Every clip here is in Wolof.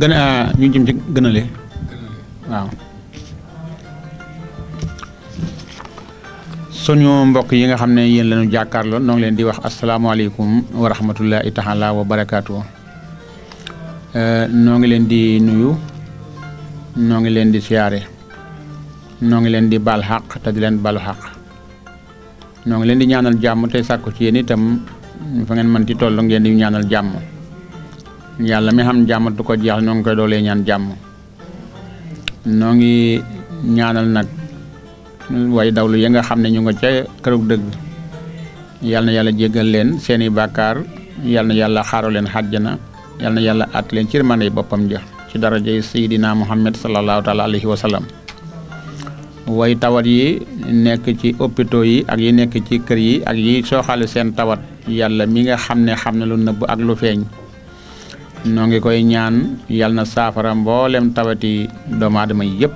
gën a ñu jëm ci gënale waaw suñu mbokk yi nga xam ne yéen lañu jàkkaarloo noo ngi leen di wax asalaamaaleykum wa rahmatullahi taala wa barakaatu noo euh, ngi leen di nuyu noo ngi leen di siyaare noo ngi leen di baal xaq te di leen balu xaq noo ngi leen di ñaanal jàmm tey sàkku ci yéen itam fa ngeen mën ci toll ngeen di ñaanal jàmm yàlla mi xam jàmm ko jeex noo ngi koy doolee ñaan jàmm noo ngi ñaanal nag way dawlu yi nga xam ne ñu nga ca kërug dëgg yal na yàlla jéggal leen seeni bàkkaar yal na yàlla xaaru leen xàjjana yal na yàlla at leen ci mën boppam ja ci darajay sayidina muhammad sallallahu taala alayhi wa way tawat yi nekk ci hôpitaux yi ak yi nekk ci kër yi ak yi soo sooxale seen tawat yàlla mi nga xam ne xam ne lu nëbb ak lu feeñ noo ngi koy ñaan yal na saafara mbooleem tawati doomu aadama yi yëpp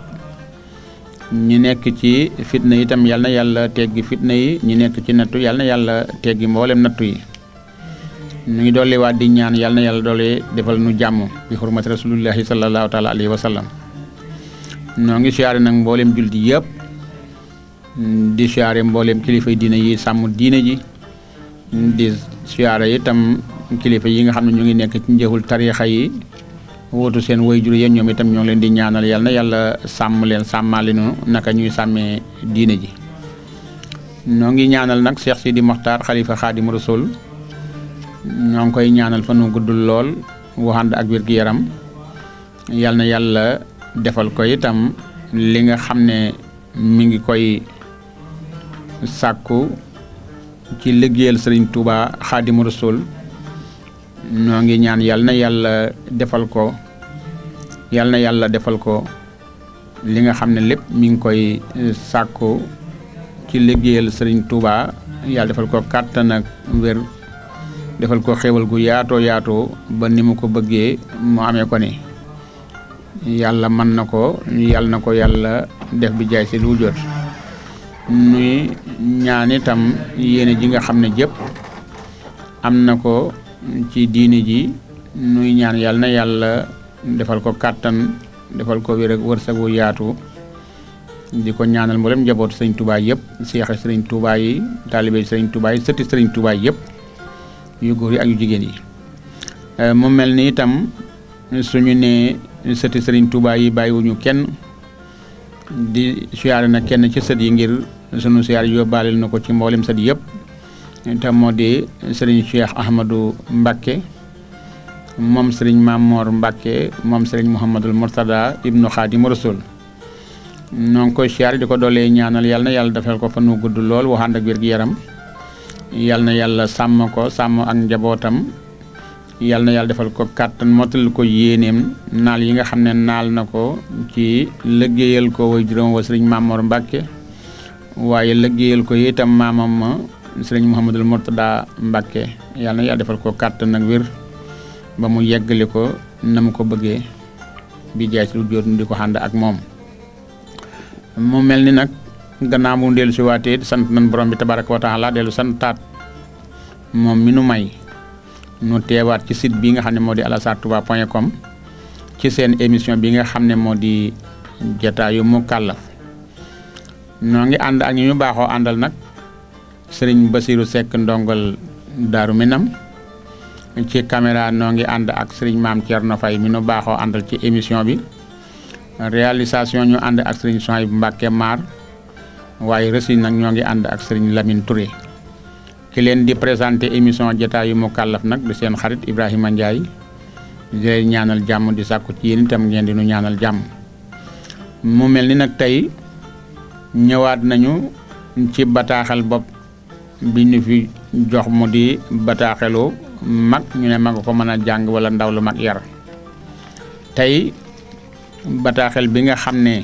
ñi nekk ci fitna yi itam yal na yàlla teggi fitna yi ñi nekk ci nattu yal na yàlla teggi mboolem nattu yi ñu ngi dolli waat di ñaan yal na yàlla doole defal nu jàmm bi xurmati rasulillahi sallallahu taala alayhi noo ngi siyaare nag mbooleem jullit yëpp di siyaare mboolem kilifa diine yi sàmm diine ji di siyaare itam kilifa yi nga xam ne ñoo ngi nekk ci njëwul tariixa yi wootu seen wayjur yéen ñoom itam ñoo leen di ñaanal yal na yàlla sàmm leen sàmmaale nu naka ñuy sàmmee diine ji ñoo ngi ñaanal nag Cheikh Sidi Mokhtar xalifa Xaadim Rasul ñoo ngi koy ñaanal fa nu guddul lool waxand ak wér yaram yal na yàlla defal ko itam li nga xam ne mi ngi koy sàkku ci liggéeyal Sëriñ Tuuba Xaadim Rasul noo ngi ñaan yal na yàlla defal ko yal na yàlla defal ko li nga xam ne lépp mi ngi koy eh, sàkku ci liggéeyal sëriñ Touba yàlla defal ko kàttan ak defal ko xéewal gu yaatoo yaatoo ba ni mu ko bëggee mu amee ko ni yàlla mën na ko yàlla na ko yàlla def bi jaay si lu jot nuy ñaan itam yéene ji nga xam ne jépp am na ko ci diine ji nuy ñaan yàlla na yàlla defal ko kàttan defal ko wér ak wërsëg yaatu di ko ñaanal mboolem njaboot sëriñ Touba yëpp seexi sëriñ Touba yi taalibe sëriñ Touba yi sëriñ Touba yëpp yu góor yi ak yu jigéen yi euh, mu mel ni itam suñu ne sëti sëriñ tubaay yi bàyyiwuñu kenn di siyaare na kenn ci sët yi ngir sunu siyaare yóbbaale na ko ci mboolem sët yëpp te moo di sëriñ Cheikh Ahmadou Mbacke moom sëriñ Mamor Mbacke moom sëriñ Mouhamadul Mourtada ibnu Xaadimu Rasul noo ngi di ko doolee ñaanal yàlla na yàlla defal ko fan wu gudd lool waxaan ak wér-gu-yaram yàlla na yàlla sàmm ko sàmm ak njabootam yàlla na yàlla defal ko kàttan motal ko yéeneem naal yi nga xam ne naal na ko ci liggéeyal ko way juróom wa sëriñ Mamor Mbacke waaye liggéeyal ko itam maamam ma sëriñ Mouhamadul Mourtada Mbacke yàlla na yàlla defal ko kàttan ak wér ba mu yeggali ko na mu ko bëggee bi jaay si di ko ànd ak moom. mu mel ni nag gannaaw mu dellu si sant nañ borom bi tabaraka wa taala dellu santaat moom mi nu may nu teewaat ci site bi nga xam ne moo di alazhartouba point com ci seen émission bi nga xam ne moo di jotaayu mu kàllaf noo ngi ànd ak ñu ñu baaxoo àndal nag. sëriñ Basirou Seck ndongal Daaru Minam ci caméra noo ngi ànd ak sëriñ maam Thierno Faye mi nu baaxoo àndal ci émission bi réalisation ñu ànd ak sëriñ Soy bu Mbàkke Maar waaye rësi nag ñoo ngi ànd ak sëriñ lamin Touré ki leen di présenté émission jotaayu Mukallaf nag di seen xarit Ibrahima Ndiaye di ñaanal jàmm di sàkku ci yéen itam ngeen di nu ñaanal jàmm mu mel ni nag tey ñëwaat nañu ci bataaxal bopp bi ñu fi jox mu di bataaxelu mag ñu ne mag ko mën a jàng wala ndaw lu mag yar tey bataaxel bi nga xam ne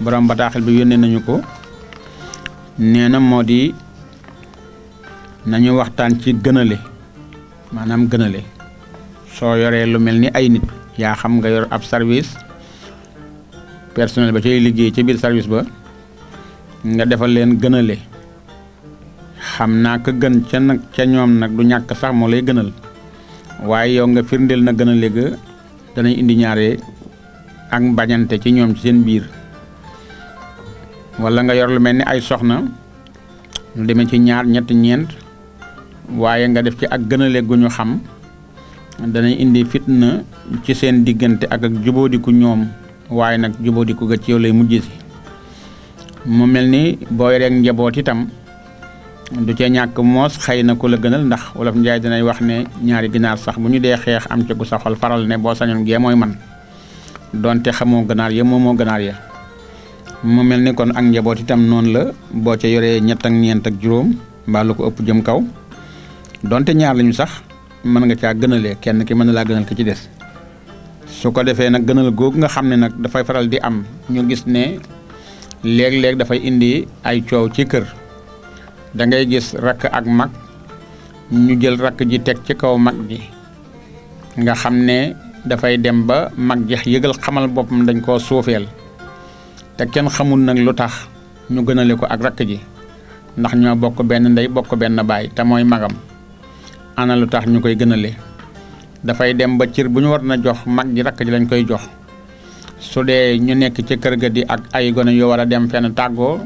borom bataaxel bi yónnee nañu ko nee na moo di nañu waxtaan ci gënale maanaam gënale soo yoree lu mel ni ay nit yaa xam nga yor ab sarwis personnel ba cay liggéey ci biir service ba nga defal leen gënale xam naa ka gën ca nag ca ñoom nag du ñàkk sax moo lay gënal waaye yow nga firndeel na gën a léegi danañ indi ñaare ak bañante ci ñoom ci seen biir wala nga yor lu mel ni ay soxna lu ci ñaar ñett ñeent waaye nga def ci ak gën a ñu xam danañ indi fitna ci seen diggante ak ak jubóodiku ñoom waaye nag jubóodiku ga ci lay mujj si mu mel ni booy rek njaboot itam. du cee ñàkk moos xëy na ku la gënal ndax wolof njaay dinay wax ne ñaari ginaar sax bu ñu dee xeex am ca gu sa xol faral ne boo sañoon gee mooy man donte xamoo ganaar ya moomoo ganaar ya mu mel ni kon ak njaboot itam noonu la boo ca yoree ñett ak ñeent ak juróom mbaal lu ko ëpp jëm kaw donte ñaar lañu sax mën nga caa gënalee kenn ki mën na laa gënal ki ci des su ko defee nag gënal googu nga xam ne nag dafay faral di am ñu gis ne léeg-léeg dafay indi ay coow ci kër dangay gis rakk ak mag ñu jël rakk ji teg ci kaw mag ji nga xam ne dafay dem ba mag ji yëgal xamal boppam dañ koo suufeel te kenn xamul nag lu tax ñu gënale ko ak rakk ji ndax ñoo bokk benn ndey bokk benn baay te magam ana lu tax ñu koy gënale dafay dem ba cir bu ñu war na jox mag ji rakk ji lañ koy jox su dee ñu nekk ci kër ga di ak ay gone yu war a dem fenn tàggoo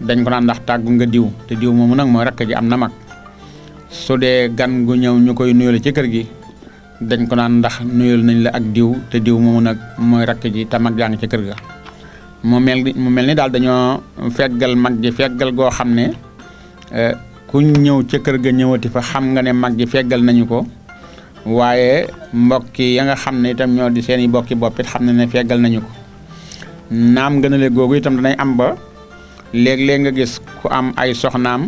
dañ ko naan ndax tàggu nga diw te diw moomu nag mooy rakk ji am na mag su dee gan gu ñëw ñu koy nuyul ci kër gi dañ ko naan ndax nuyul nañ la ak diw te diw moomu nag mooy rakk ji te mag yaa ngi ci kër ga. mu mel mu mel ni daal dañoo feggal mag ji feggal goo xam ne e, ku ñëw ca kër ga ñëwati fa xam nga ne mag ji feggal nañu ko waaye mbokki ya nga xam ne itam ñoo di seeni i bokki bopp xam ne ne feggal nañu ko naam gën a le googu itam danay am ba. léeg-léeg nga gis ku am ay soxnaam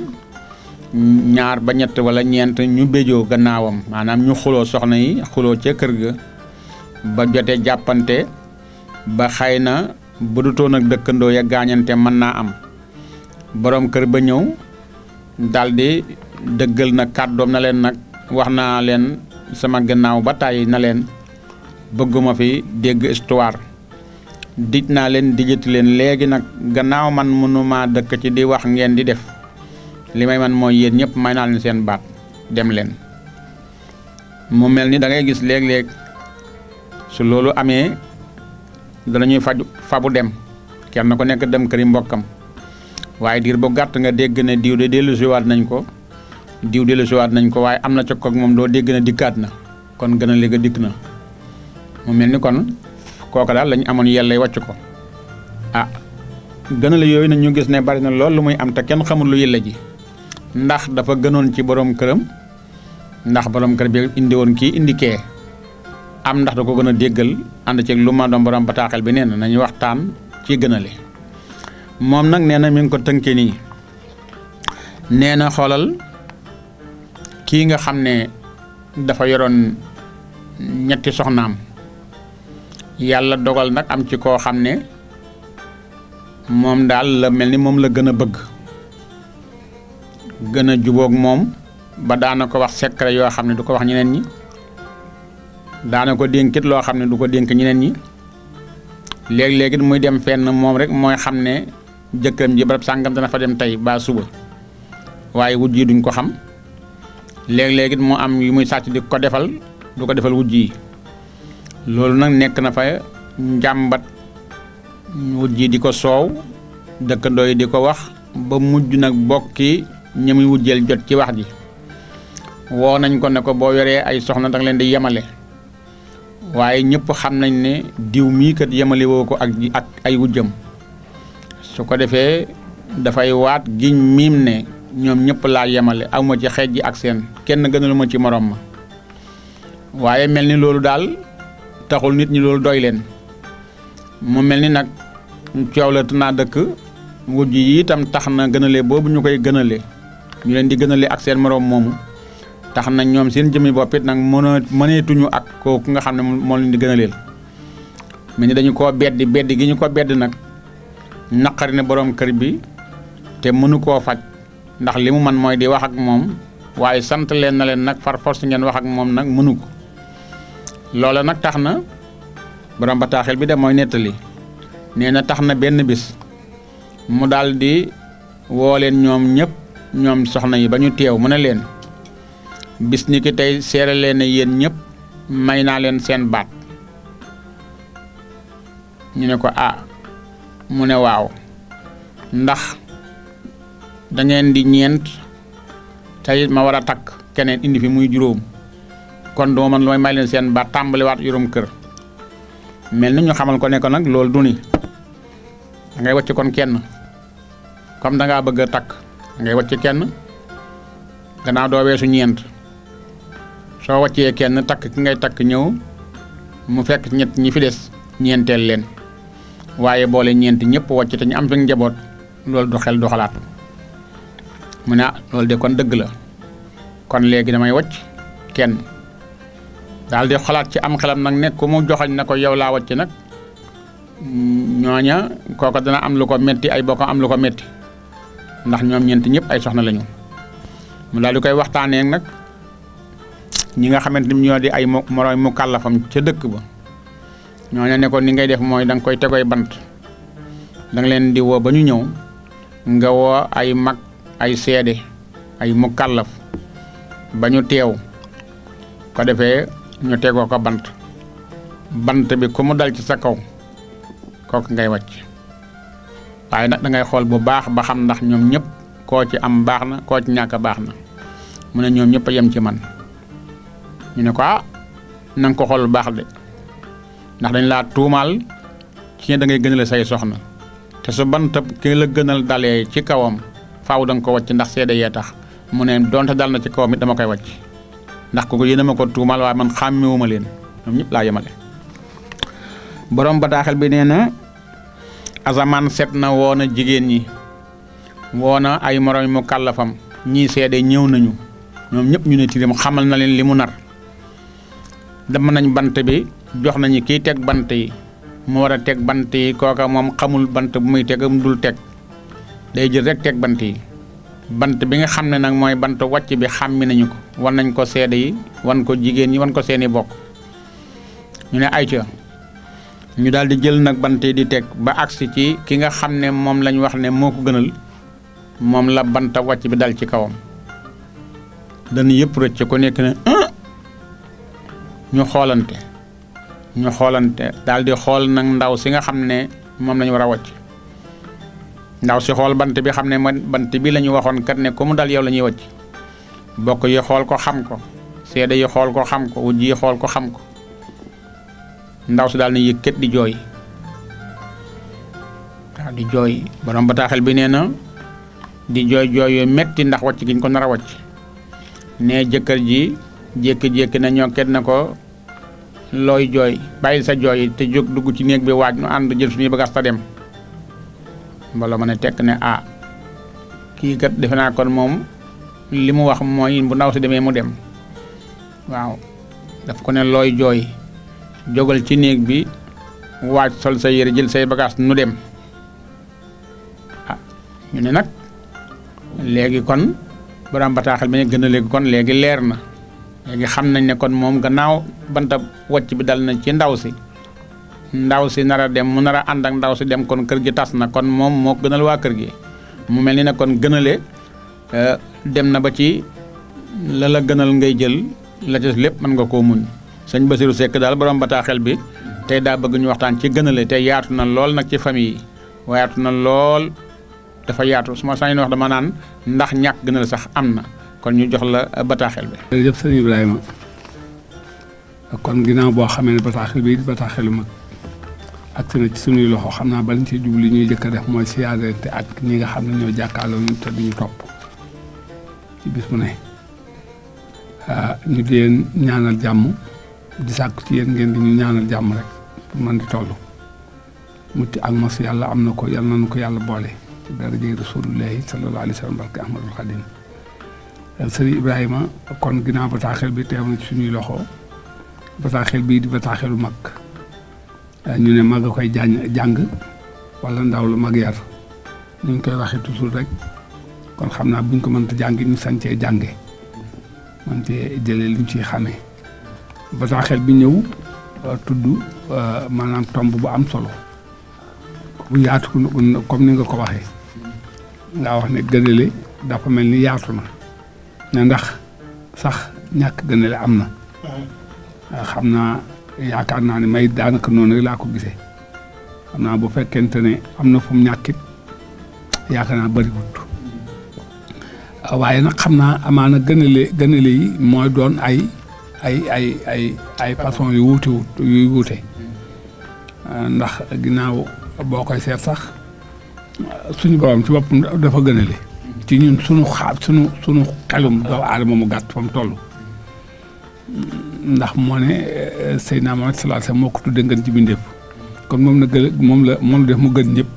ñaar ba ñett walla ñeent ñu béjoo gannaawam maanaam ñu xuloo soxna yi xuloo ca kër ga ba jote jàppante ba xay na bu dutoon dëkkandoo ya gaañante mën naa am boroom kër ba ñëw daldi dëggal na kàddoom na leen nag wax naa leen sama gannaaw ba tàyyi na leen bëgguma fi dégg histoire dij naa leen dijati leen léegi nag gannaaw man mënumaa dëkk ci di wax ngeen di def li may man mooy yéen ñëpp may naa leen seen baat dem leen mu mel ni dangay gis léeg-léeg su loolu amee danañuy faju fabu dem kenn ku nekk dem këri mbokkam waaye diir bu gàtt nga dégg ne diw de dellusiwaat nañ ko diw dellusiwaat nañ ko waaye am na ca koog moom doo dégg ne dikkaat na kon gën a léegi dikk na mu mel ni kon kooka daal lañ amoon yelle wàcc ko ah gënal yooyu na ñu gis ne bari na lool lu muy am te kenn xamul lu yelle ji ndax dafa gënoon ci borom këram ndax borom kër bi indi woon kii indi kee am ndax da ko gën a déggal ànd ceeg lu ma doon borom bataaxel bi nee na nañu waxtaan ci gënale moom nag nee na mi ngi ko tënkee nii nee na xoolal kii nga xam ne dafa yoroon ñetti soxnaam. yàlla dogal nag am ci koo xam ne moom daal la mel ni moom la gën a bëgg gën a jubook moom ba daana ko wax secret yoo xam ne du ko wax ñeneen ñi daana ko dénkit loo xam ne du ko dénk ñeneen ñi léegi-léegi muy dem fenn moom rek mooy xam ne jëkkëram ji barab sàngam dana fa dem tey ba suba waaye wujj yi duñ ko xam léegi-léegi mu am yu muy sàcc di ko defal du ko defal wujj yi loolu nag nekk na fa njàmbat wut ji di ko soow dëkkandoo yi di ko wax ba mujj nag bokki ñi muy wujjeel jot ci wax ji woo nañ ko ne ko boo yoree ay soxna danga leen di yemale waaye ñépp xam nañ ne diw mii kat yemale ko ak ak ay wujjam su ko defee dafay waat giñ miim ne ñoom ñëpp laa yemale awma ci xeej ji ak seen kenn gënaluma ci morom ma waaye mel ni loolu daal taxul nit ñi loolu doy leen mu mel ni nag coow la naa dëkk wujj yi itam tax na gënale boobu ñu koy gënale ñu leen di gënale ak seen moroom moomu tax na ñoom seen jëmmi bopp it nag mën mëneetuñu ak kooku nga xam ne moo leen di gënaleel mel ni dañu ko bedd beddi gi ñu ko bedd nag naqari ne boroom kër bi te mënu koo faj ndax li mu man mooy di wax ak moom waaye sant leen na leen nag far force ngeen wax ak moom nag mënu ko loola nag tax na borom bataaxel bi de mooy nettali nee na tax na benn bis mu daldi di woo leen ñoom ñëpp ñoom soxna yi ba ñu teew mu ne leen bis ni ki tey seere leen ne yéen ñëpp may naa leen seen baat ñu ne ko ah mu ne waaw ndax da di ñeent tey it ma war a takk keneen indi fi muy juróom. kon duma man lu may may leen seen baat tàmbaliwaat yorum kër mel ni ñu xamal ko ne ko nag loolu du ni da ngay wàcc kon kenn comme da ngaa bëgg a takk da ngay wàcc kenn gannaaw doo weesu ñeent soo woccee kenn takk ki ngay takk ñëw mu fekk ñett ñi fi des ñeenteel leen waaye boole ñeent ñëpp wocc te ñu am fi njaboot loolu du xel du xalaat mu ne ah, loolu de kon dëgg la kon léegi damay wocc kenn. daal di xalaat ci am xelam nag ne ku mu joxoñ na ko yow laa wàcc nag ñooña kooka dana am lu ko metti ay bokkam am lu ko metti ndax ñoom ñeenti ñëpp ay soxna lañu mu daal di koy waxtaanee nag ñi nga xamante ni ñoo di ay moroom mu ca dëkk ba ñooña ne ni ngay def mooy da koy tegoy bant dang leen di woo ba ñu ñëw nga woo ay mag ay seede ay mu kàllaf ba ñu teew ko defee ñu tegoo ko bant bant bi ku mu dal ci sa kaw kooku ngay wàcc waaye nag dangay xool bu baax ba xam ndax ñoom ñëpp koo ci am baax na koo ci ñàkk baax na mu ne ñoom ñëpp a yem ci man ñu ne ko ah na ko xool bu baax de ndax dañ laa tuumaal ci ne da ngay gënale say soxna te su bant ki la gënal dalee ci kawam faaw da nga ko wàcc ndax seede yee tax mu ne donte dal na ci kawam it dama koy wàcc ndax ko yéen a ma ko tuumal waaye man xàmmewuma leen ñoom ñëpp laa yemale borom bataaxel bi nee na asamaan set na woona jigéen ñi woona ay moroom mu kàllafam ñii seede ñëw nañu ñoom ñëpp ñu ne tirim xamal na leen li mu nar dama nañ bant bi jox nañu kii teg bant yi mu war a teg bant yi kooka moom xamul bant bu muy tegam dul teg day jël rek teg bant yi bant bi nga xam ne nag mooy bant wàcc bi xàmmi nañu ko wan nañ ko seede yi wan ko jigéen ñi wan ko seeni bokk ñu ne ay ca ñu daal jël nag bant yi di teg ba agsi ci ki nga xam ne moom lañ wax ne moo ko gënal moom la bant wàcc bi dal ci kawam dañu yëpp rëcc ko nekk ne ñu xoolante ñu xoolante daal xool nag ndaw si nga xam ne moom lañu war a wacc ndaw si xool bant bi xam ne man bant bi la ñu waxoon kat ne ku dal yow la ñuy wàcc bokk yi xool ko xam ko seede yi xool ko xam ko wujj yi xool ko xam ko ndaw si daal na yëkkat di jooy waaw di jooy borom bataaxel nee na di jooy jooy metti ndax wàcc gi ñu ko nar a wàcc ne jëkkër ji jékki-jékki na ñokket na ko looy jooy bàyyi sa jooy te jóg dugg ci néeg bi waaj nu ànd jël suñuy bagaas ta dem wala ma ne tekk ne ah kii kat defe naa kon moom li mu wax mooy bu ndaw si demee mu dem waaw def ko ne looy jooy jógal ci néeg bi waaj sol sa yére jël say bagages nu dem ah ñu ne nag léegi kon borom bataaxal bi ne gën kon léegi leer na léegi xam nañ ne kon moom gannaaw banta wocc bi dal na ci ndaw si ndaw si nar a dem mu nar a ànd ak ndaw si dem kon kër gi tas na kon moom moo gënal waa kër gi mu mel ni ne kon gënale euh, dem na ba ci la la gënal ngay jël la lépp mën nga koo muñ sëñ Basiru sekk daal boroom bataaxel bi tey daa bëgg ñu waxtaan ci gënale tey yaatu na lool nag ci famille yi yaatu na lool dafa yaatu su ma sañoon wax dama naan ndax ñàkk gënal sax am na kon ñu jox la bataaxel bi. kon ginnaaw boo xamee ne bataaxel bi bataaxelu mag. ak na ci sunuy loxo xam naa balañ ci jublu li ñuy jëkk def mooy siyaarante ak ñi nga xam ne ñoo jàkkaarloo ñu te duñu topp ci bis mu ne ah, ñu di ñaanal jàmm di sàkku ci yéen ngeen di ñu ñaanal jàmm rek pour mën di toll mucc ak mos yàlla am na ko yal nañu ko yàlla boole ci dara jëy rasulullahi sallallahu alayhi wa sallam barke ahmadul xadim eh, sëriñ Ibrahima kon ginnaaw bataaxel bi teew na suñuy loxo bataaxel bii di bataaxelu mag ñu ne mag a koy jàng jàng wala ndaw lu mag yar ñu ngi koy waxee toujours rek kon xam naa buñ ko mënta jàng ñu sañcee jànge mën cee jëlee luñ ciy xamee bataaxel bi ñëw tudd maanaam tomb bu am solo bu yaatu comme ni nga ko waxee nga wax ne gënale dafa mel ni yaatu na ne ndax sax ñàkk gënale am na xam naa yaakaar naa ne may daanaka noonu laa ko gisee xam naa bu fekkente ne am na fu mu ñàkkit yaakaar naa bëriwut waaye nag xam naa amaana gënale gënale yi mooy doon ay ay ay ay façon yu wuute yuy wuute ndax ginnaaw boo koy seet sax suñu borom ci boppam dafa gënale ci ñun suñu xaar suñu suñu xelum doomu aadama mu gàtt fa mu ndax moo ne euh, Seydina Muhammad sallallahu alayhi wasallam moo ko tuddee ngën ci kon moom la gën moom la moom la def mu gën ñëpp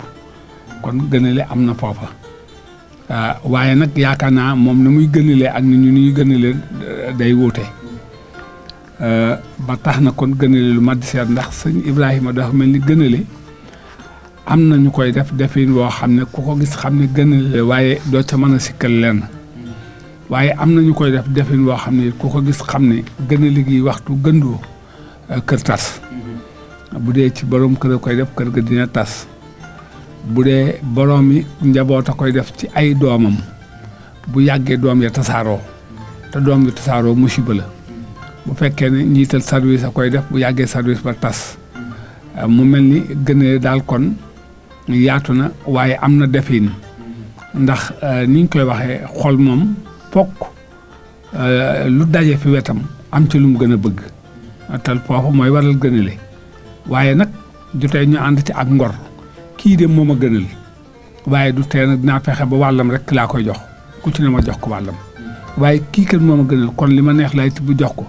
kon gënale am na foofa euh, waaye nag yaakaar naa moom ni muy gënale ak ni ñu ñuy gënale euh, day wuute ba tax na kon gënale lu mat di seet ndax sëñ Ibrahima dafa mel ni gënale am na ñu koy def defin woo xam ne ku ko gis xam ne gënale waaye doo ca mën a sikkal lenn. waaye am na ñu koy def defin woo xam ne ku ko gis xam ne gën a liggéey waxtu gëndoo euh, kër tas mm-hmm. bu dee ci borom kër a koy def kër ga dina tas bu dee borom yi njaboot a koy def ci ay doomam bu yàggee doom ya tasaaroo te doom bi tasaaroo musiba la bu fekkee ne njiital service a koy def bu yàggee service ba tas euh, mu mel ni gënale daal kon yaatu na waaye am na defin mm-hmm. ndax euh, ni koy waxee xol moom fokk euh, lu daje fi wetam am ci lu mu gën a bëgg te foofu mooy waral gënale waaye nag jotee ñu ànd ci ak ngor kii de moom a gënal waaye du tee nag dinaa fexe ba wàllam rek laa koy jox ku ci ne ma jox ko wàllam waaye kii kër moom a gënal kon li ma neex lay tibb jox ko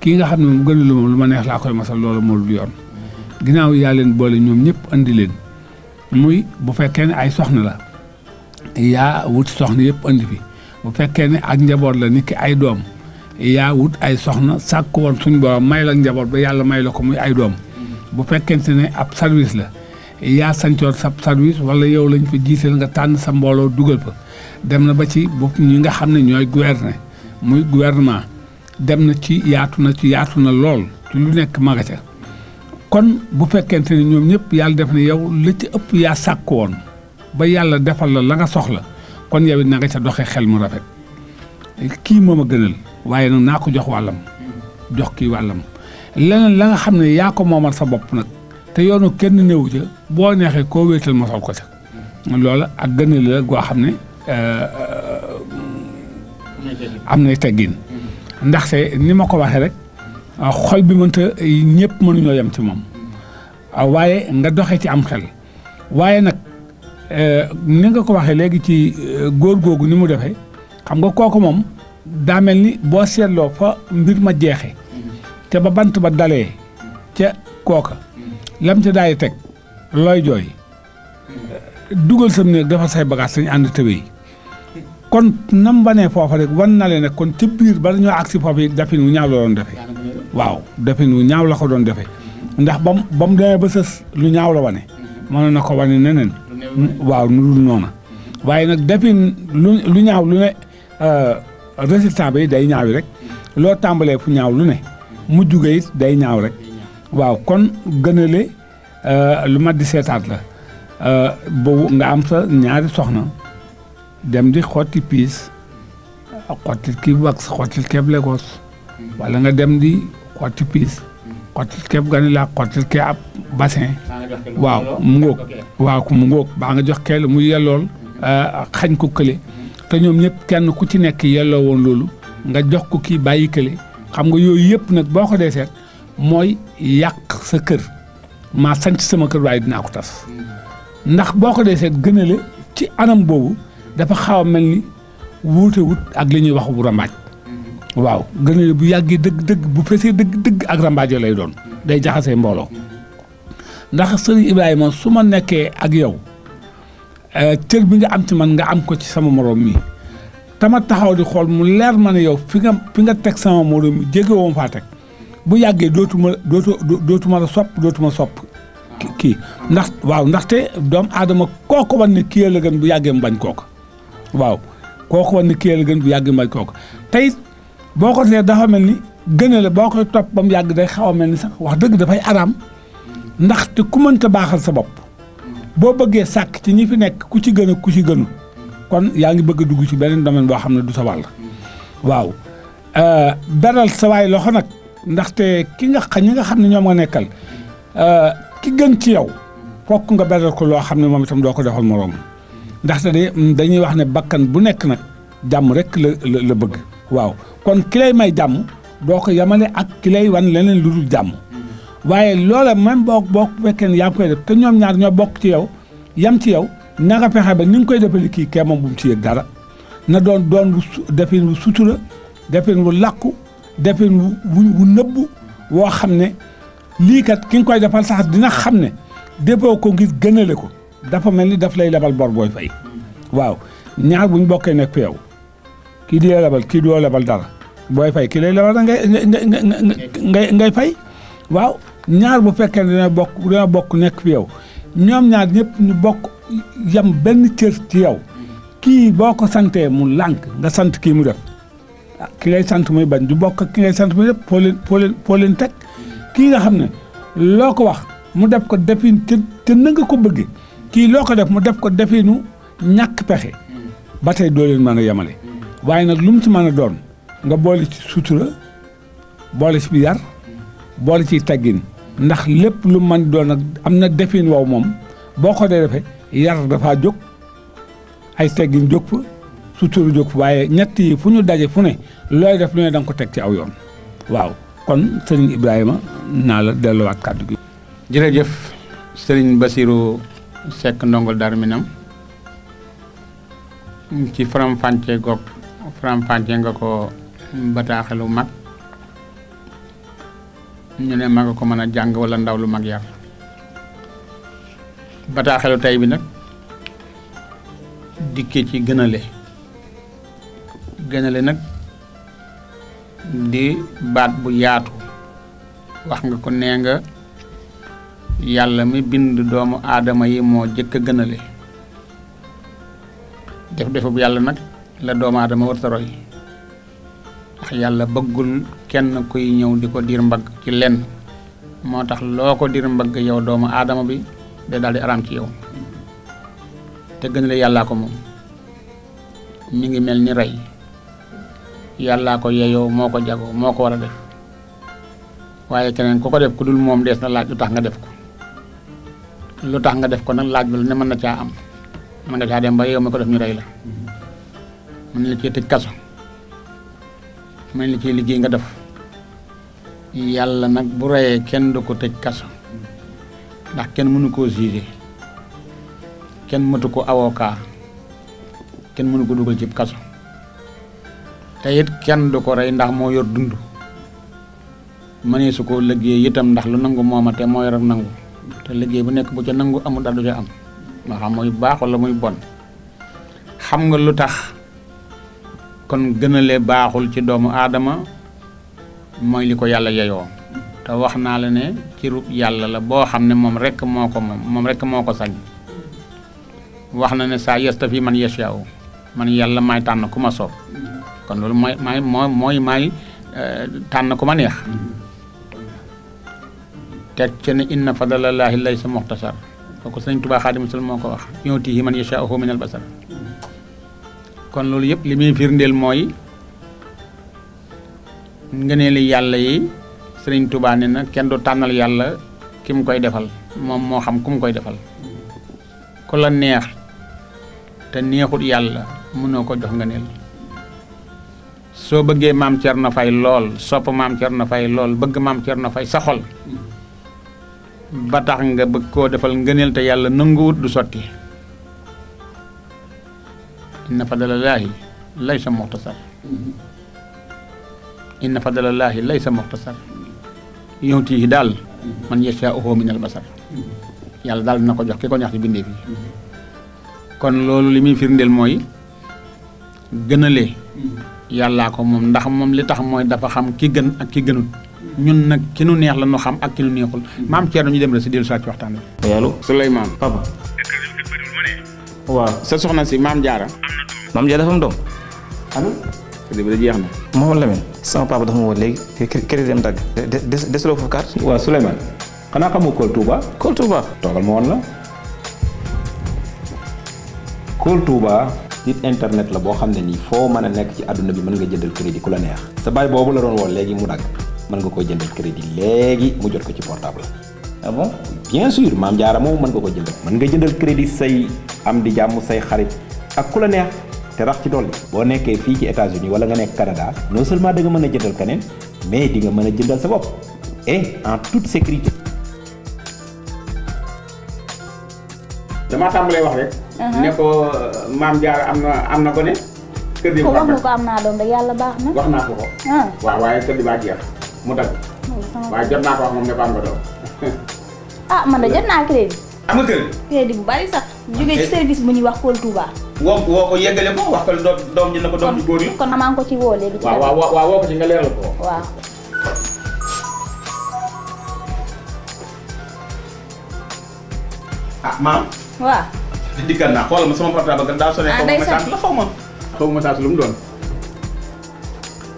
kii nga xam ne moom gënalu lu ma neex laa koy masal loolu moom du yoon ginnaaw yaa leen boole ñoom ñëpp andi leen muy bu fekkee ne ay soxna la yaa wuti soxna yëpp andi fi bu fekkee ne ak njaboot la nit ki ay doom yaa wut ay soxna sàkk woon suñ borom may la njaboot ba yàlla may la ko muy ay doom bu fekkente ne ab service la yaa sancoon sa service wala yow lañ fa jiital nga tànn sa mbooloo dugal fa dem na ba ci bopp ñi nga xam ne ñooy gouverner muy gouvernement dem na ci yaatu na ci yaatu na lool ci lu nekk maga ca kon bu fekkente ne ñoom ñëpp yàlla def ne yow la ci ëpp yaa sàkk woon ba yàlla defal la la nga soxla kon yow it na nga ca doxee xel mu rafet kii moom a gënal waaye nag naa ko jox wàllam jox kii wàllam leneen la nga xam ne yaa ko moomal sa bopp nag te yoonu kenn néewu ca boo neexee koo wéetal mosal ko ca loola ak gënal la goo xam ne euh, am nay teggin ndaxte ni ma ko waxee rek xol bi mënta ñëpp mënuñoo yem ci moom waaye nga doxee ci am xel waaye nag Euh, ni nga ko waxee léegi ci euh, góor googu ni mu defee xam nga kooku moom daa mel ni boo seetloo fa mbir ma jeexe te ba bant ba dalee ca kooka lam ca daay teg looy jooy euh, dugal sam néeg dafa say bagaas sañ ànd tëwee kon nam wanee foofa rek wan na leen ne kon ca biir ba dañoo agsi foofu yi dafin wu ñaaw doon defee waaw dafin wu ñaaw la ko doon defee ndax bam mu ba mu demee ba sës lu ñaaw la wane mënoon na ko wane neneen waaw nu dul noona waaye nag depuis lu ñaaw lu ne euh, résultat bi day ñaawi rek loo tàmbalee fu ñaaw lu ne mu ga it day ñaaw rek waaw kon gënale euh, lu mat di seetaat la euh, boobu nga am sa ñaari soxna dem di xotti piis xottil kii wax xottil keble nga dem di xotti piis xottil bu gani laa xottil kee ab bassin waaw mu ngóog waaw mu ngóok baa nga jox kee la muy yellool euh, xañ ko kële te ñoom ñëpp kenn ku ci nekk yelloo woon loolu nga jox ko kii bàyyi kële xam nga yooyu yëpp nag boo ko dee seet mooy yàq sa kër maa sanc sama kër waaye dinaa ko tas ndax boo ko dee seet gën ci anam boobu dafa xaw a mel ni wuute wut ak li ñuy wax bu rambaaj waaw gën bu yàggee dëgg dëgg bu fesee dëgg dëgg ak rambaaje lay doon day jaxasee mbooloo ndax sëriñ Ibrahima su ma nekkee ak yow euh, cër bi nga am ci man nga am ko ci sama moroom mi tama taxaw di xool mu leer ma ne yow fi nga fi nga teg sama moroom mi ma faa teg bu yàggee dootuma dootu dootuma la sopp dootuma sopp kii ndax waaw ndaxte doomu aadama kooku wan ne kii la gën bu yàggee mbañ bañ kooku waaw kooku wan ne kii la gën bu yàggee mu bañ boo ko tee dafa mel ni gën a la boo koy topp ba mu yàgg day xaw a mel ni sax wax dëgg dafay araam ndaxte ku mënta baaxal sa bopp boo bëggee sàkk ci ñi fi nekk ku ci gën a ku ci gënu kon yaa ngi bëgg a dugg ci beneen domaine boo xam ne du sa wàll waaw euh, beral sa waay loxo nag ndaxte ki nga xam ñi nga xam ne ñoom nga nekkal euh, ki gën ci yow fokk nga beral ko loo xam ne moom itam doo ko defal moroom ndaxte de mm, dañuy wax ne bakkan bu nekk nag jàmm rek la bëgg waaw kon ki may jàmm doo ko yamale ak ki lay wan leneen lu dul jàmm waaye loola man book boo fekkee ne yaa ngi koy def te ñoom ñaar ñoo bokk ci yow yam ci yow na nga fexe ba ni nga koy defali kii kee moom bu mu ci yëg dara na doon doon defin wu sutura defin wu lakku defin wu wu nëbbu woo xam ne lii kat ki koy defal sax dina xam ne defoo ko ngir gënale ko dafa mel ni daf lay lebal bor booy fay waaw ñaar bu ñu bokkee nekk yow kii di la lebal kii doo lebal dara booy fay ki lay lebal dara ngay ngay fay waaw ñaar bu fekkee ne dina bokk dina bokk nekk fi yow ñoom ñaar ñépp ñu bokk yam benn cër ci yow kii boo ko santee mu lànk nga sant kii mu def ah, ki ngay sant muy bañ du bokk ki ngay sant muy def foo leen foo leen teg kii nga xam ne loo ko wax mu def ko defin te te nga ko bëgg kii loo ko def mu def ko definu ñàkk pexe bate tey doo leen yamale waaye nag lu mu ci mën a doon nga boole ci sutura boole ci yar boole ci teggin ndax lépp lu mën doon nag am na defin wow moom boo ko dee defee yar dafaa jóg ay teggin jóg fa sutura jóg waaye ñett yi fu ñu daje fu ne looy def lu ne da ko teg ci aw yoon waaw kon sëriñ ibraahima naa la delluwaat kàddu gi. jërëjëf sëriñ ndongo Seck ndongol Darminam ci faram fànce goog faram-fàccee nga ko bataaxalu mag ñu ne mag ko mën a jàng wala ndaw lu mag yar bataaxalu tey bi nag dikke ci gënale gënale nag di baat bu yaatu wax nga ko neenga yàlla mi bind doomu aadama yi moo jëkk a gënale def defub yàlla nag la doomu aadama warta roy ndax yàlla bëggul kenn kuy ñëw di ko diir mbagg ci lenn moo tax loo ko diir mbagg yow doomu aadama bi day daal di araam ci yow te gën yàlla ko moom mi ngi mel ni rey yàllaa ko yeyoo moo ko jagoo moo ko war a def waaye keneen ku ko def ku dul moom dees na laaj lu tax nga def ko lu tax nga def ko nag laaj bi lu ne mën na caa am mën nga caa dem ba yow mi ko def ñu rey la mën la cee tëj kaso mën la liggéey nga def yàlla nag bu reyee kenn du ko tëj kaso ndax kenn mënu koo jugé kenn mëtu ko avocat kenn mënu ko dugal ci kaso kenn du ko rey ndax moo yor dund mënee su koo liggéey itam ndax lu nangu mooma te moo yor nangu te liggéey bu nekk bu ca nangu amul dara du ca am moo xam muy baax muy bon xam nga lu tax kon gënale baaxul ci doomu aadama mooy li ko yàlla yeyoo te wax naa la ne ci rub yàlla la boo xam ne moom rekk moo ko moom moom rekk moo ko sañ wax na ne saa yesta yastafi man yashaaw man yàlla may tànn ku ma soob kon loolu mooy maay moo mooy maay euh, tànn ku ma neex teg ci ne inna fadlallaahi laysa muxtasar kooku sëñ Tuubaa Xaadimu Rasuul moo ko wax yutiihi man yashaaw minal basar kon loolu yëpp li muy firndeel mooy ngëneeli yàlla yi sëriñ Touba ne kenn du tànnal yàlla ki mu koy defal moom moo xam ku mu koy defal ku la neex te neexut yàlla mënoo ko jox ngëneel soo bëggee maam na fay lool sopp maam Thierno Faye lool bëgg maam na fay sa xol ba tax nga bëgg koo defal ngëneel te yàlla nanguwut du sotti inna fadlalaahi laysa muxtasar inna fadlalaahi laysa muxtasar yowti yi daal man yashaa'uhu minal basar yàlla daal dina ko jox ki ko ñax ci bindee fi kon loolu li muy firndeel mooy gënale yàllaa ko moom ndax moom li tax mooy dafa xam ki gën ak ki gënut ñun nag ki nu neex la ñu xam ak ki nu neexul maam Thierno ñu dem la si dellu saa waxtaan bi. waaw sa soxna si maam Diarra. maam Diarra dafa am doom. allo. jeex na. Mouhamadou Lamine sama papa dafa ma woo léegi crédit dem dagg. de de desuloo foofu carte. waaw xanaa xamoo Kool Touba. Kool Touba. toogal la. Kool Touba. site internet la boo xam ne nii foo mën a nekk ci àdduna bi mën nga jëndal crédit ku la neex. sa baay boobu la doon woon léegi mu dagg mën nga koo jëndal crédit léegi mu jot ko ci portable. ah bon bien sûr maam jaara moom mën nga ko jëndal mën nga jëndal crédit say am di jàmm say xarit ak ku la te rax ci dolli boo nekkee fii ci États-Unis wala nga nekk Canada non seulement da nga a jëndal keneen mais di nga mën a jëndal sa bopp en toute sécurité damaa tàmbalee wax rek uh-huh. ne ko euh, maam jaara na am na gone ko am naa doom rek na ko ah. waaw waaye kër gi baa jeex mu dagg waaye jot naa ko wax moom ne ko am nga doom ah man de jot naa crédit. am nga crédit. crédit bu bari sax. jógee ci eh. service bu ñuy wax Kool Touba. woo woo ko yeggale ko wax ko doom doom ji na ko doom ji góor yi. kon maa ngi ko ci woo léegi. ci ko ci nga ko. waaw. ah maam. waaw. dikkaat naa ah, lu mu doon.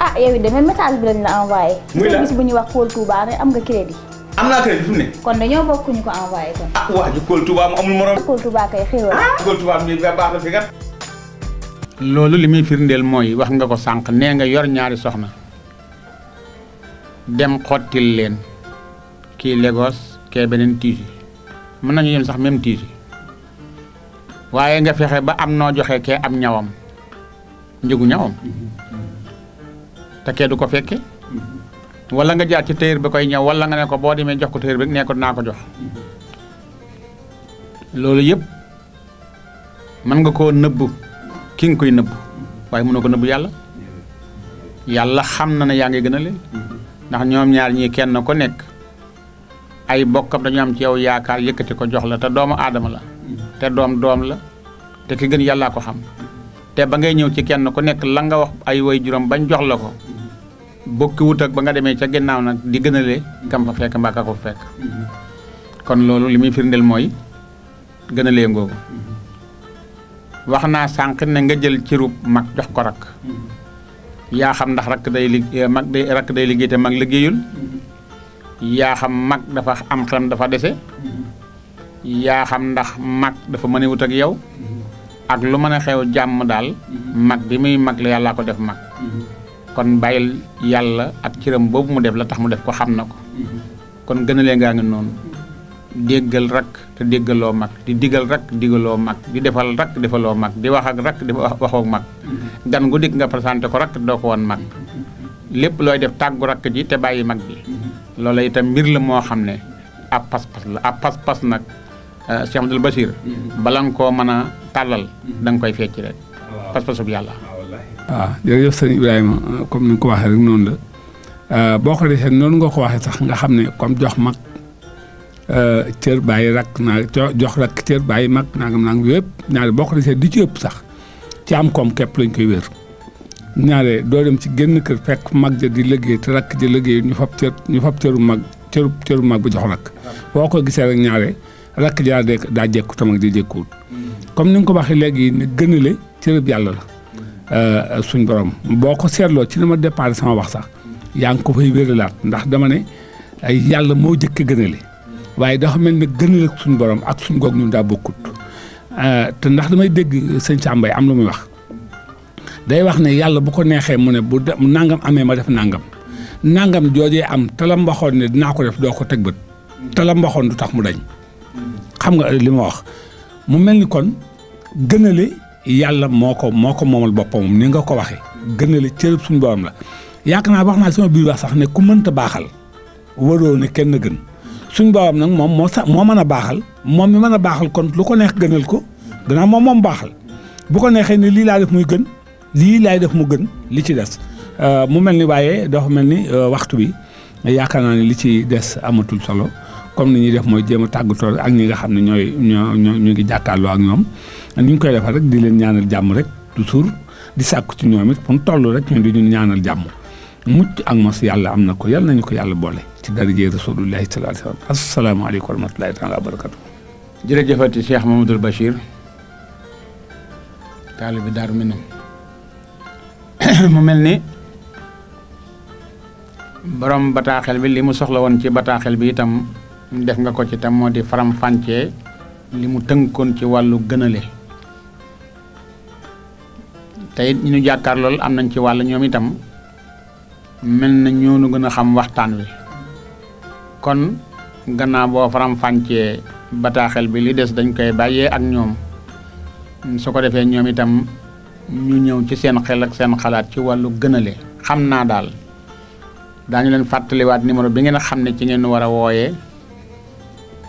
ah yow it de message bi lañ la envoyé. muy la service bu ñuy wax Kool Touba ne am nga crédit. am naa kër ah, ah, loolu li muy firndeel mooy wax nga ko sànq nee nga yor ñaari soxna dem xottil leen kii Lagos kee beneen tiis yi mën nañu sax même tiis waaye nga fexe ba am noo joxe kee am ñawam njëgu ñawam mm-hmm. te kee ko fekke mm-hmm. wala nga jaar ci téer bi koy ñëw wala nga ne ko boo demee jox ko téer bi nee ko naa ko jox loolu yëpp mën nga ko nëbbu ki nga koy nëbb waaye mënoo ko nëbbu yàlla yàlla xam na ne yaa ngi gën a leen ndax ñoom ñaar ñii kenn ko nekk ay bokkam dañu am ci yow yaakaar yëkkati ko jox la te doomu aadama la te doom doom la te ki gën yàlla ko xam te ba ngay ñëw ci kenn ku nekk lan nga wax ay way juróom bañ jox la ko bokkiwut ak ba nga demee ca ginnaaw nag di gënale kam fa fekk mbaa ka ko fekk kon loolu li muy firndeel mooy gënalee ngoogu wax naa sànq ne nga jël cirub mag jox ko rakk yaa xam ndax rakk day liggéey eh, rakk day liggéey mag liggéeyul yaa xam mag dafa am xelam dafa dese yaa xam ndax mag dafa mën a wut ak yow ak lu mën a xew jàmm daal mag bi muy mag la yàllaa ko def mag kon bàyyil yàlla ak cëram boobu mu def la tax mu def ko xam na ko kon gën lee ngaa ngi noonu déggal rakk te déggaloo mag di digal rakk digaloo mag di defal rakk defaloo mag di wax ak rakk di waxoo mag gan gu dikk nga présenté ko rakk doo ko woon mag lépp looy def tàggu rakk ji te bàyyi mag bi loola itam mbir la moo xam ne ab pas-pas la ab pas-pas nag euh, Cheikh Abdoul Bachir mm-hmm. bala nga koo mën a tàllal mm-hmm. da nga koy fecc rek pas-pasub yàlla waaw jërëjëf seen Ibrahima comme ni nga ko waxee rek noonu la euh, boo ko defee noonu nga ko waxee sax nga xam ne comme jox mag euh, cër bàyyi rakk naa jox rakk cër bàyyi mag nangam nangam yëpp ñaare boo ko defee di ci ëpp sax ci am koom képp lañ koy wér. ñaare doo dem ci génn kër fekk mag ja di liggéey te rakk ja liggéey ñu fab cër ñu fab cëru mag cëru cëru mag ba jox rakk. boo ko gisee rek ñaare rakk jaa daa jékku tam ak di jékkuwut. Mm. comme ni nga ko waxee léegi ne gënale cërëb yàlla Euh, suñ borom boo ko seetloo ci li ma départ sama wax sax yaa ngi ko fay wéralaat ndax dama ne ay yàlla moo jëkk a gënale waaye dafa mel ne gënal ak suñ borom ak suñ goog ñun daa bokkut euh, te ndax damay dégg sëñ ambay am lu muy wax day wax ne yàlla bu ko neexee mu ne bu nàngam amee ma def nangam nangam joojee am talam waxoon ne dinaa ko def doo ko teg bët talam waxoon du tax mu dañ xam nga li ma wax mu mel ni kon gënale yàlla moo ko moo ko moomal boppam ni nga ko waxee gënale cërëb suñu borom la yaakaar naa wax naa sama biir wax sax ne ku mënta baaxal waroo ne kenn gën suñu borom nag moom moo sax moo mën a baaxal moom mi mën a baaxal kon lu ko neex gënal ko gannaaw moom moom baaxal bu ko neexee ne lii laa def muy gën lii laay def mu gën li ci des euh, mu mel ni waaye dafa mel ni euh, waxtu bi yaakaar naa ne li ci des amatul solo comme ni ñuy def mooy jéem a tàggatoo ak ñi nga xam ne ñooy ñoo ñu ngi jàkkaarloo ak ñoom ni ñu koy defal rek di leen ñaanal jàmm rek toujours di sàkku ci ñoom it fon toll rek ñun di ñu ñaanal jàmm mucc ak mos yàlla am na ko yàlla nañu ko yàlla boole ci darajee rasulullahi sallallahu alayhi wa sallam asalaamaaleykum wa rahmatullahi taala wa barakatu jërëjëfati Cheikh Mamadou Bachir taalibi Daaru Minam mu mel ni boroom bataaxel bi li mu soxla woon ci bataaxel bi itam mu def nga ko ci tam moo di faram fàncee li mu tënkoon ci wàllu gënale tey ñu ñu jàkkaar lool am nañ ci wàllu ñoom itam mel na ñoonu gën a xam waxtaan wi kon gannaaw boo faram bataaxel bi li des dañ koy bàyyee ak ñoom su ko defee ñoom itam ñu ñëw ci seen xel ak seen xalaat ci wàllu gënale xam naa daal daañu leen fàttaliwaat numéro bi ngeen xam ne ci ngeen war a wooyee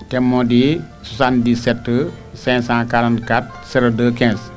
te moo di 77 544 02 15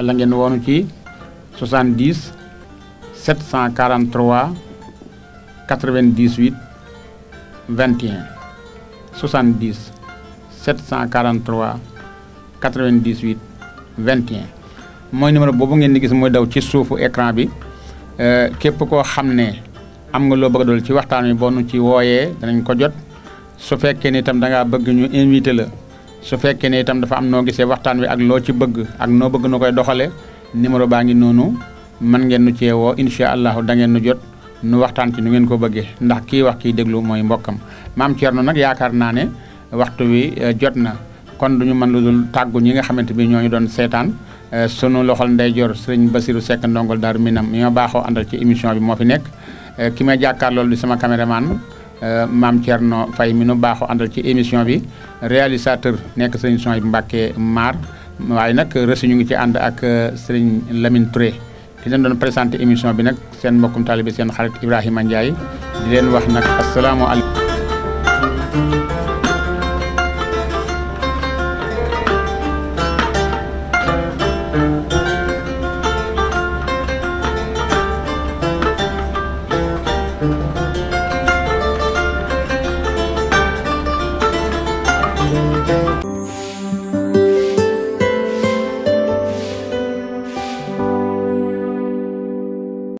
wala ngeen woonu ci 70 743 98 21 70 mooy numéro boobu ngeen di gis mooy daw ci suufu écran bi euh, képp koo xam ne am nga loo bëgg a dool ci waxtaan wi boo nu ci wooyee danañ ko jot su fekkee ni itam da bëgg ñu invité la. su fekkee ne itam dafa am noo gisee waxtaan wi ak loo ci bëgg ak noo bëgg nu koy doxale numéro baa ngi noonu mën ngeen nu ceewoo incha allahu da ngeen nu jot nu waxtaan ci nu ngeen ko bëggee ndax kii wax kii déglu mooy mbokkam maam Thierno nag yaakaar naa ne waxtu wi eh, jot na kon duñu mën lu dul tàggu ñi nga xamante bi ñooñu doon seetaan eh, sunu loxol ndeyjoor sëriñ Basirou Seck ndongol Daaru Minam mi ma baaxoo àndal ci émission bi moo fi nekk eh, ki may jàkkaar sama caméraman Euh, maam Thierno Faye mi nu baaxoo àndal ci émission bi réalisateur nekk sëriñ Sohaybu Mbàkke maar waaye nag reçu ñu ngi ci ànd ak euh, sëriñ Lamine Touré ki leen doon présenté émission bi nag seen mbokkum taalibe seen xarit Ibrahima Ndiaye di leen wax nag asalaamaaleykum